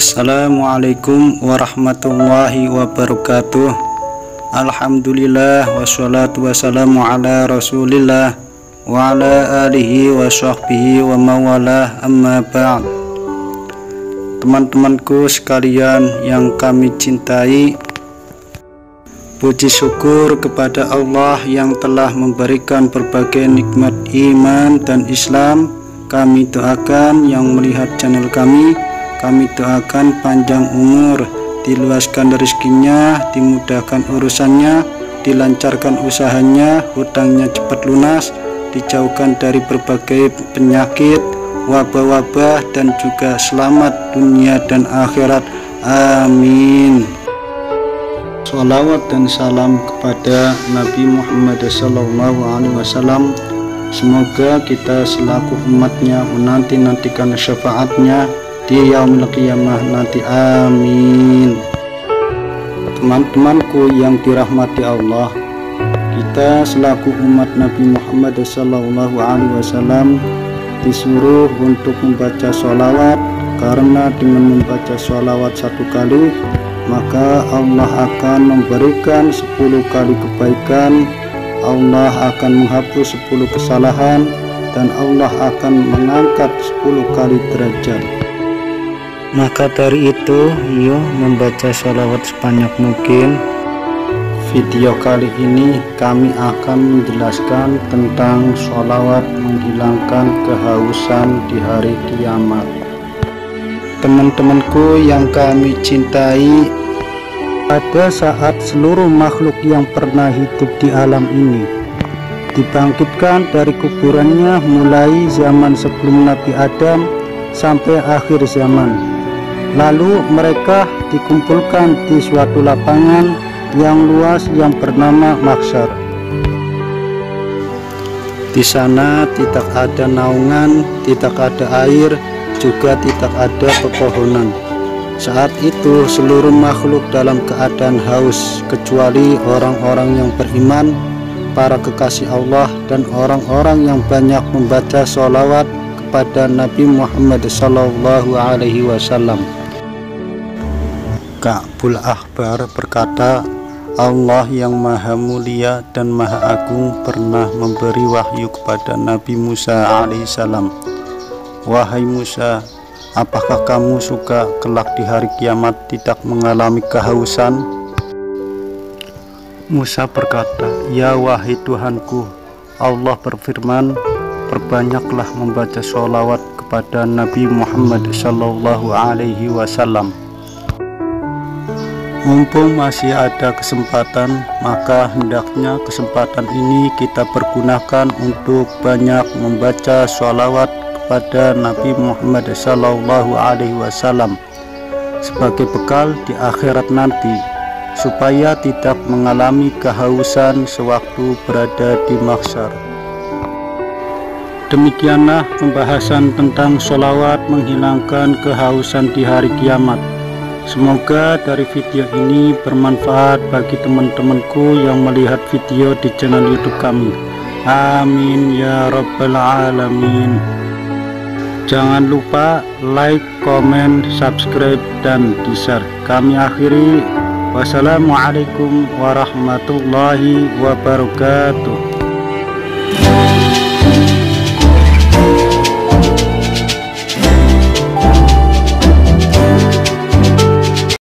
Assalamualaikum warahmatullahi wabarakatuh Alhamdulillah wassalatu wassalamu ala rasulillah wa ala alihi wa sahbihi wa mawalah amma ba'd teman-temanku sekalian yang kami cintai puji syukur kepada Allah yang telah memberikan berbagai nikmat iman dan Islam kami doakan yang melihat channel kami, kami doakan panjang umur, diluaskan rezekinya, dimudahkan urusannya, dilancarkan usahanya, hutangnya cepat lunas, dijauhkan dari berbagai penyakit, wabah-wabah dan juga selamat dunia dan akhirat. Amin. Salawat dan salam kepada Nabi Muhammad SAW Semoga kita selaku umatnya menanti-nantikan syafaatnya di yaumil qiyamah nanti. Amin. Teman-temanku yang dirahmati Allah, kita selaku umat Nabi Muhammad Sallallahu Alaihi Wasallam disuruh untuk membaca sholawat karena dengan membaca sholawat satu kali maka Allah akan memberikan 10 kali kebaikan Allah akan menghapus 10 kesalahan dan Allah akan mengangkat 10 kali derajat. Maka dari itu, yuk membaca sholawat sebanyak mungkin. Video kali ini kami akan menjelaskan tentang sholawat menghilangkan kehausan di hari kiamat. Teman-temanku yang kami cintai, pada saat seluruh makhluk yang pernah hidup di alam ini dibangkitkan dari kuburannya mulai zaman sebelum Nabi Adam sampai akhir zaman lalu mereka dikumpulkan di suatu lapangan yang luas yang bernama Maksar di sana tidak ada naungan, tidak ada air, juga tidak ada pepohonan. Saat itu seluruh makhluk dalam keadaan haus kecuali orang-orang yang beriman, para kekasih Allah dan orang-orang yang banyak membaca sholawat kepada Nabi Muhammad Sallallahu Alaihi Wasallam. Ka'bul Ahbar berkata, Allah yang maha mulia dan maha agung pernah memberi wahyu kepada Nabi Musa alaihissalam. Wahai Musa, Apakah kamu suka kelak di hari kiamat tidak mengalami kehausan? Musa berkata, Ya wahai Tuhanku, Allah berfirman, perbanyaklah membaca sholawat kepada Nabi Muhammad Sallallahu Alaihi Wasallam. Mumpung masih ada kesempatan, maka hendaknya kesempatan ini kita pergunakan untuk banyak membaca sholawat kepada Nabi Muhammad Sallallahu Alaihi Wasallam sebagai bekal di akhirat nanti supaya tidak mengalami kehausan sewaktu berada di mahsyar. Demikianlah pembahasan tentang sholawat menghilangkan kehausan di hari kiamat. Semoga dari video ini bermanfaat bagi teman-temanku yang melihat video di channel youtube kami. Amin ya rabbal alamin. Jangan lupa like, comment, subscribe, dan di-share. Kami akhiri. Wassalamualaikum warahmatullahi wabarakatuh.